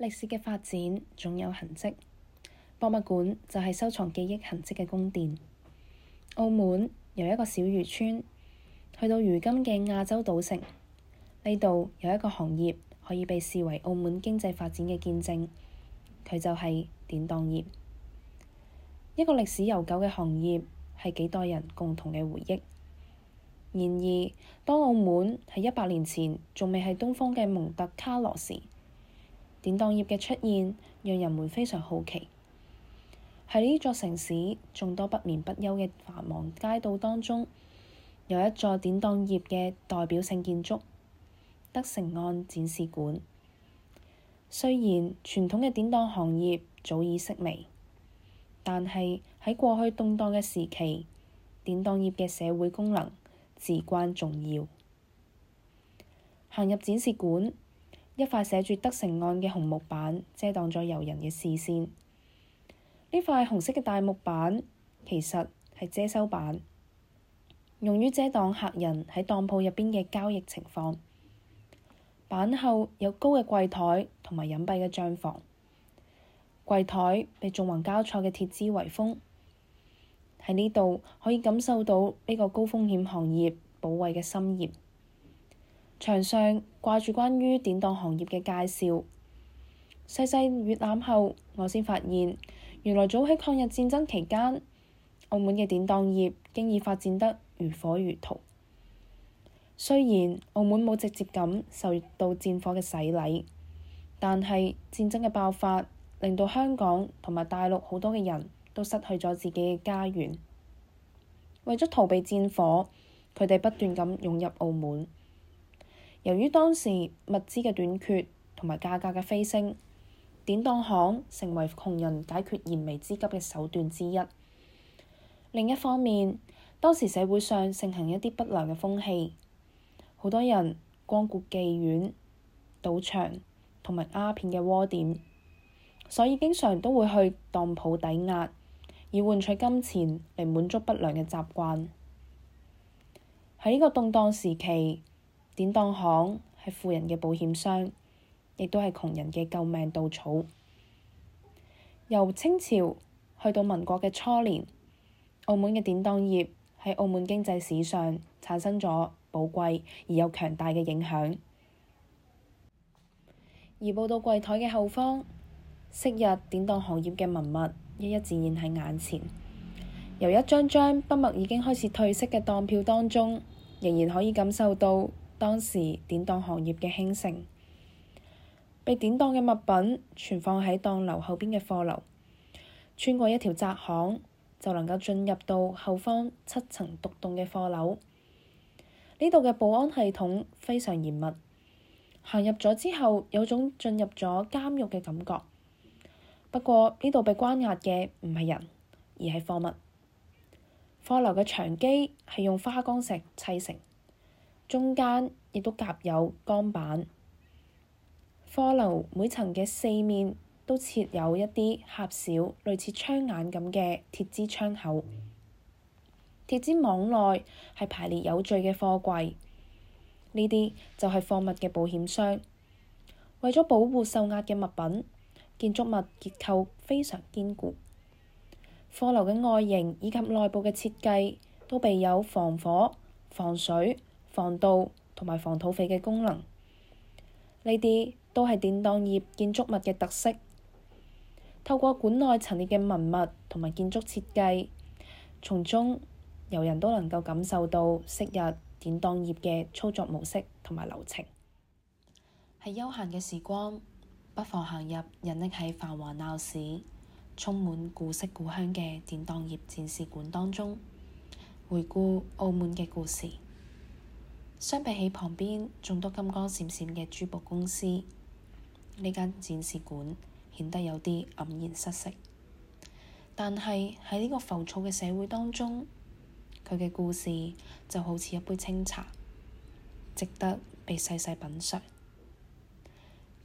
歷史嘅發展總有痕跡，博物館就係收藏記憶痕跡嘅宮殿。澳門由一個小漁村去到如今嘅亞洲賭城，呢度有一個行業可以被視為澳門經濟發展嘅見證，佢就係典當業，一個歷史悠久嘅行業，係幾代人共同嘅回憶。然而，當澳門喺一百年前仲未係東方嘅蒙特卡羅時。典當業嘅出現，讓人們非常好奇。喺呢座城市眾多不眠不休嘅繁忙街道當中，有一座典當業嘅代表性建築——德成按展示館。雖然傳統嘅典當行業早已式微，但係喺過去動盪嘅時期，典當業嘅社會功能至關重要。行入展示館。一塊寫住德成按嘅紅木板遮擋咗遊人嘅視線。呢塊紅色嘅大木板其實係遮羞板，用於遮擋客人喺當鋪入邊嘅交易情況。板後有高嘅櫃台同埋隱蔽嘅賬房，櫃台被縱橫交錯嘅鐵枝圍封。喺呢度可以感受到呢個高風險行業保衛嘅森嚴。牆上掛住關於典當行業嘅介紹，細細閲覽後，我先發現原來早喺抗日戰爭期間，澳門嘅典當業經已發展得如火如荼。雖然澳門冇直接咁受到戰火嘅洗禮，但係戰爭嘅爆發令到香港同埋大陸好多嘅人都失去咗自己嘅家園，為咗逃避戰火，佢哋不斷咁湧入澳門。由於當時物資嘅短缺同埋價格嘅飛升，典當行成為窮人解決燃眉之急嘅手段之一。另一方面，當時社會上盛行一啲不良嘅風氣，好多人光顧妓院、賭場同埋鴉片嘅窩點，所以經常都會去當鋪抵押，以換取金錢嚟滿足不良嘅習慣。喺呢個動盪時期，典當行係富人嘅保險箱，亦都係窮人嘅救命稻草。由清朝去到民國嘅初年，澳門嘅典當業喺澳門經濟史上產生咗寶貴而又強大嘅影響。移步到櫃台嘅後方，昔日典當行業嘅文物一一展現喺眼前。由一張張筆墨已經開始褪色嘅當票當中，仍然可以感受到。當時典當行業嘅興盛，被典當嘅物品存放喺當樓後邊嘅貨樓，穿過一條窄巷，就能夠進入到後方七層獨棟嘅貨樓。呢度嘅保安系統非常嚴密，行入咗之後，有種進入咗監獄嘅感覺。不過呢度被關押嘅唔係人，而係貨物。貨樓嘅牆基係用花崗石砌成。中間亦都夾有鋼板。貨樓每層嘅四面都設有一啲狹小類似窗眼咁嘅鐵枝窗口。鐵枝網內係排列有序嘅貨櫃，呢啲就係貨物嘅保險箱。為咗保護受壓嘅物品，建築物結構非常堅固。貨樓嘅外形以及內部嘅設計都備有防火、防水、防盜同埋防土匪嘅功能，呢啲都係典當業建築物嘅特色。透過館內陳列嘅文物同埋建築設計，從中遊人都能夠感受到昔日典當業嘅操作模式同埋流程。喺休閒嘅時光，不妨行入隱匿喺繁華鬧市、充滿古色古香嘅典當業展示館當中，回顧澳門嘅故事。相比起旁邊眾多金光閃閃嘅珠寶公司，呢間展示館顯得有啲黯然失色。但係喺呢個浮躁嘅社會當中，佢嘅故事就好似一杯清茶，值得被細細品嚐。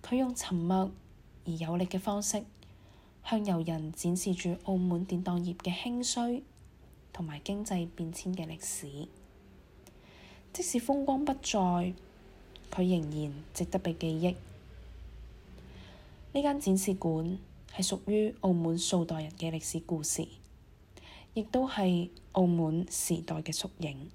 佢用沉默而有力嘅方式，向遊人展示住澳門典當業嘅興衰同埋經濟變遷嘅歷史。即使風光不再，佢仍然值得被記憶。呢間展示館係屬於澳門數代人嘅歷史故事，亦都係澳門時代嘅縮影。